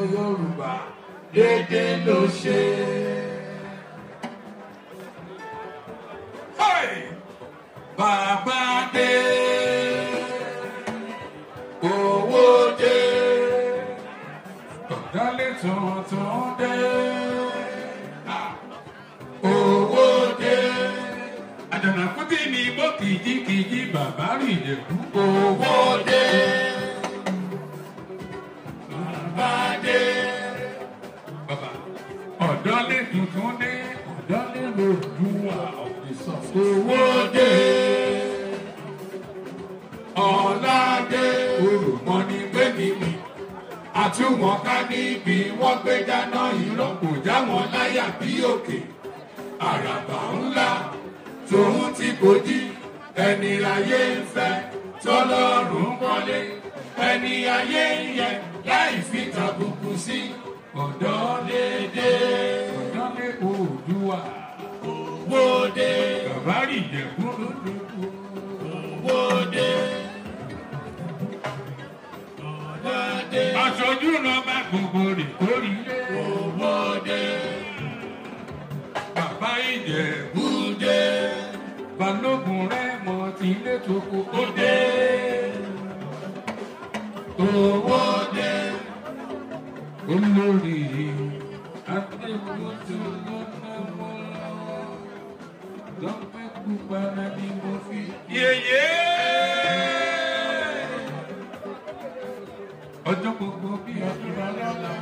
Yorùbá dédé ló ṣe. Bàbá dé, owó dé, ọ̀dálẹ̀ tuntun dé. Owó dé, àjànàkú tí ní bọ́ kìjikìji bàbá rìn lè kú. Owó dé. ọ̀dọ́lé tuntun dé ọ̀dọ́lé lòdùwà ọ̀dẹ̀sán owó dé ọ̀la dé olùmọ́ni gbé mi mi àtúwọ̀n ká níbi wọ́n gbé dáná irọ́ kò já wọn láyà bí òkè àràbà ńlá tòun ti gòdì ẹni ayé ń fẹ́ tọ́lọ́rùn wọlé ẹni ayé ń yẹ láì fi tàbùkù sí i ọ̀dọ́dédé ọ̀dọ́dé oòdùwà òwòdé kàbárì ìjẹ̀kú lódò òwòdé ọ̀dọ́dé aṣojú lọ́ba gbogbo rè kórì òwòdé bàbá ìjẹ̀kú dé balógun rẹ̀ mọ̀ tí ilé tó kó òdé òwòdé olórí adébútú lọ́nàmọ́ dọ́pẹ́ pupa ni mo fi yẹyẹ. ọjọ́ gbogbo bí ọdún alála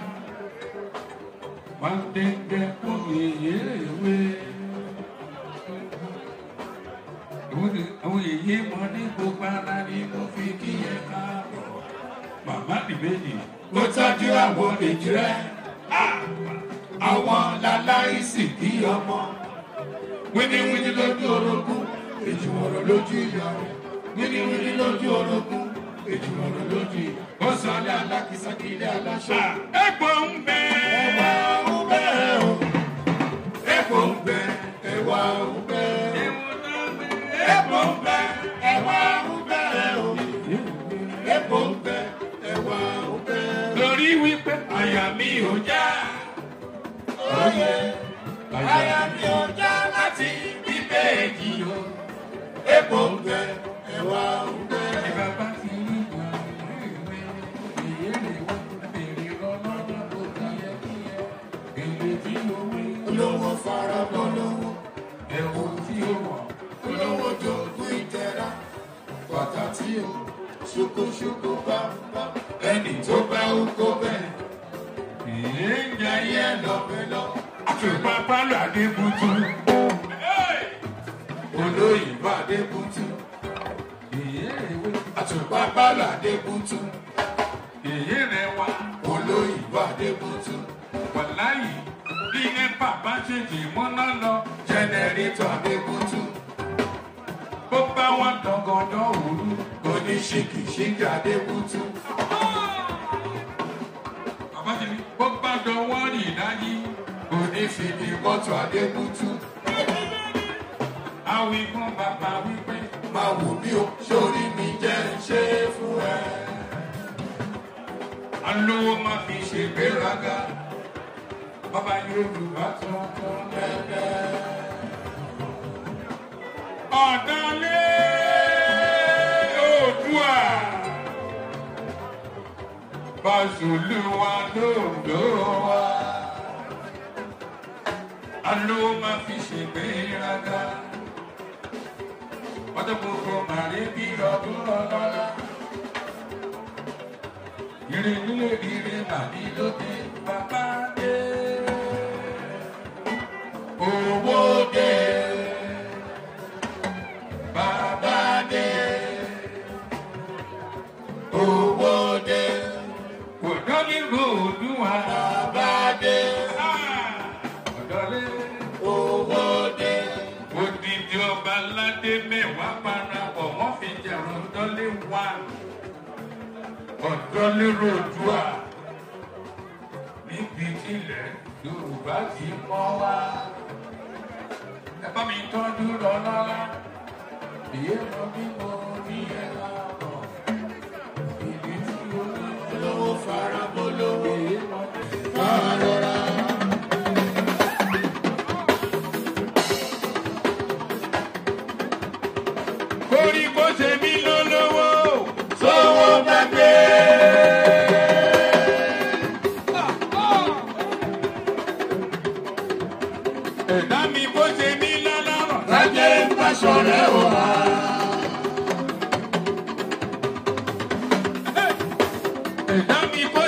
wá dẹ́gbẹ́ kó yẹyẹ ewé. àwọn yẹyẹ mọ ní gbogbo ara ni bèbèlì. mo tọ́jú àwọn òbèjì rẹ̀ ah! àwọn láláìsì bí ọmọ wíníwíní lójú orogún èjìmọ̀rọ̀ lójú ìyá rẹ̀ wíníwíní lójú orogún èjìmọ̀rọ̀ lójú ìyá rẹ̀. ó sọ ilé alákìsà kí ilé aláṣọ. ẹ̀gbọ́n ń bẹ́ẹ̀. pé àyà mi ò já. Oyè àyà mi ò já láti bí méjì o. Epo ń bẹ, ẹ̀wà ń bẹ. Ìbàbá ti ń gbà ìwé ìyẹ́lẹ̀ wá. Bèrè ọlọ́dọ̀ tó ti yẹ kí ẹ. Èrè tí mo wí. Olówó fara bọ́ lọ́wọ́. Ẹ̀wọ̀n tí ó wọ̀. Olówó jogún ìtẹ̀ra. Bàtà tí o ṣokoṣoko bá bá. àtùpá pálọ̀ adébútú olóyìnbó adébútú àtùpá pálọ̀ adébútú èyí rẹ̀ wá olóyìnbó adébútú wàláyé bí nípa bá ṣèjì mọ́ná lọ jẹnẹrétọ̀ adébútú bó bá wọn dangandan òru kò ní ṣìkìṣìkì adébútú. dọwọ́ rìn láyé òní fi ní mọ́tò adébútú. àwìkún bàbá wípé. máa wò mí o sórí mi jẹ́ ń ṣe é fún ẹ. alówó máa fi ṣègbéraga bàbá yorùbá tuntun lẹ́gbẹ̀ẹ́. ṣòlúwa lóńdó wa. a fi ṣègbéraga. ọdún gbogbo màrí bí ọdún ọlọ́lá. ìrìn nílé ìrìn màmí bàbá. dánlérò òdùà níbi tilẹ̀ Yorùbá ti mọ́ wá. Ẹ bá mi tọ́jú lọ́lọ́lá, èyí lọ bí mo rí ẹ láàbọ̀. Ìdí tí olówó fara mọ́ lówó. Fara sọ̀rẹ́ Hey, wa. ẹ̀dá